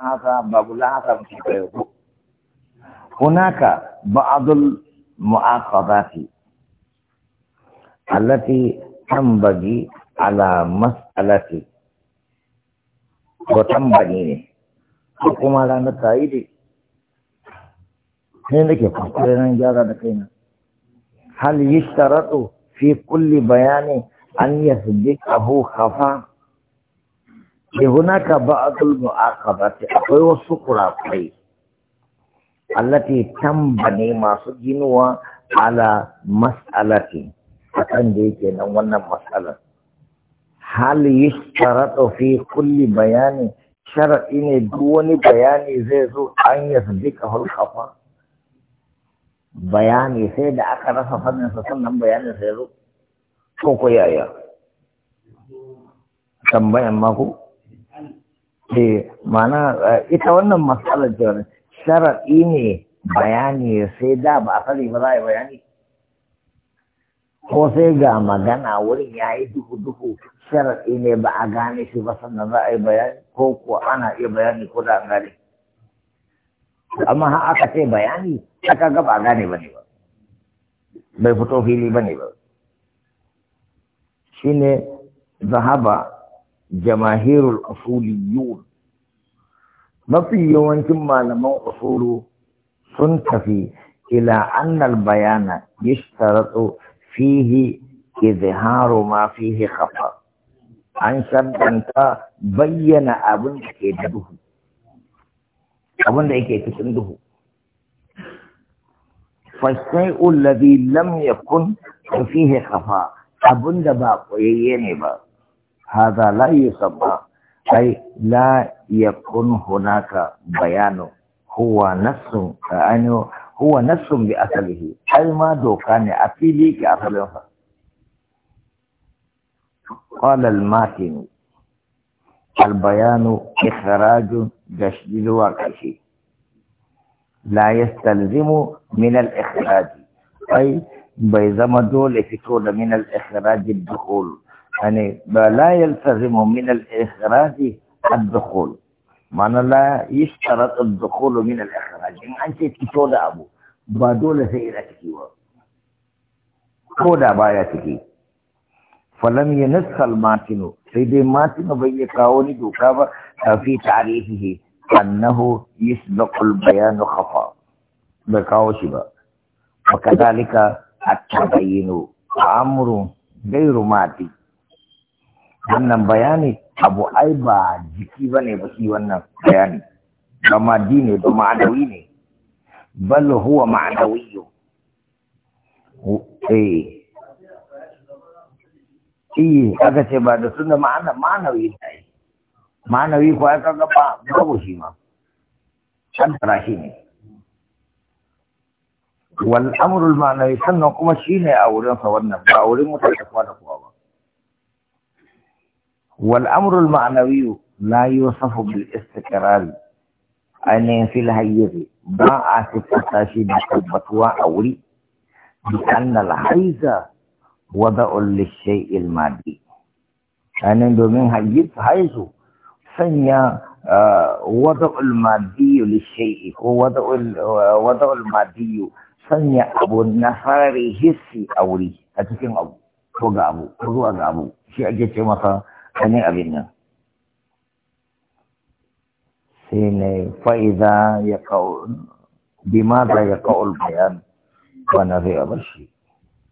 hasa babu lahasa mutum ka yi ku hunaka ba'adul mu'aqabati allati tambagi ala mas'alati ko tambani ne ko kuma ranar tayi dai ne nake kwakwai nan gyara da kaina hal yishtaratu fi kulli bayani an yasdiqahu khafa a hunaka ba'dul mu'aqabati akwai wasu kurakurai allati tambane masu ginuwa ala mas'alati akan da yake nan wannan mas'alar hal yushtaratu fi kulli bayani shar'i ne duk wani bayani zai zo an yasdika hulqafa bayani sai da aka rasa fannin sa sannan bayanin sai zo ko ko yaya tambayan mako eh mana eh, ita wannan matsalar jiran sharaɗi ne bayani sai da ba a sani ba za a yi bayani ko sai ga magana wurin ya yi duhu-duhu sharaɗi ne ba a gane shi ba sannan za a yi bayani ko ko ana iya bayani ko da an gane amma ha aka ce bayani aka ga ba a gane ba ne ba bai fito fili ba ne ba Shi ne zahaba jamahirul asuliyun mafi yawancin malaman usulu sun tafi ila annal bayana yishtaratu fihi izharu ma fihi khafa an shaddanta bayyana abin da ke duhu abin da yake cikin duhu فالشيء lam yakun fihi khafa خفاء abunda ba koyayye ne ba haza la yusabba أي لا يكون هناك بيان هو نفس يعني هو نفس بأصله أي ما كان أفيلي كأصله قال الماتن البيان إخراج تشديد واقعي لا يستلزم من الإخراج أي بيزمدو دول من الإخراج الدخول يعني لا يلتزم من الإخراج الدخول معنى لا يشترط الدخول من الإخراج إن أنت تقول أبو بدول سيرتك كودا بايتك فلم ينص الماتن سيدي ماتن بيقاوني دوكابا في تعريفه أنه يسبق البيان خفا بكاوشبا وكذلك التبين أمر غير ماتي wannan bayani abu ai ba jiki ba ne ba wannan bayani ba madi ne ba ma'anawi ne bal huwa ma'anawiyu eh iye. Eh, aka ce ba da suna ma'ana ma'anawi ne ma'anawi ko ya ga ba babu shi ma an farashi shi ne wal amrul ma'anawi sannan kuma shine a wurin sa wannan ba a wurin mutane kwa da kwa والأمر المعنوي لا يوصف بالاستقرار أن في الحيز باع ستاشي بتبطوى أولي بأن الحيز وضع للشيء المادي أن دومين حيز حيث سنيا آه، وضع المادي للشيء هو وضع المادي سنيا أبو نفاري هسي أولي أتكلم أبو فوق أبو فوق أبو شيء أجي مصر kanin abin nan sai ne fa'iza ya kawo bima da ya kawo bayan wani zai abar shi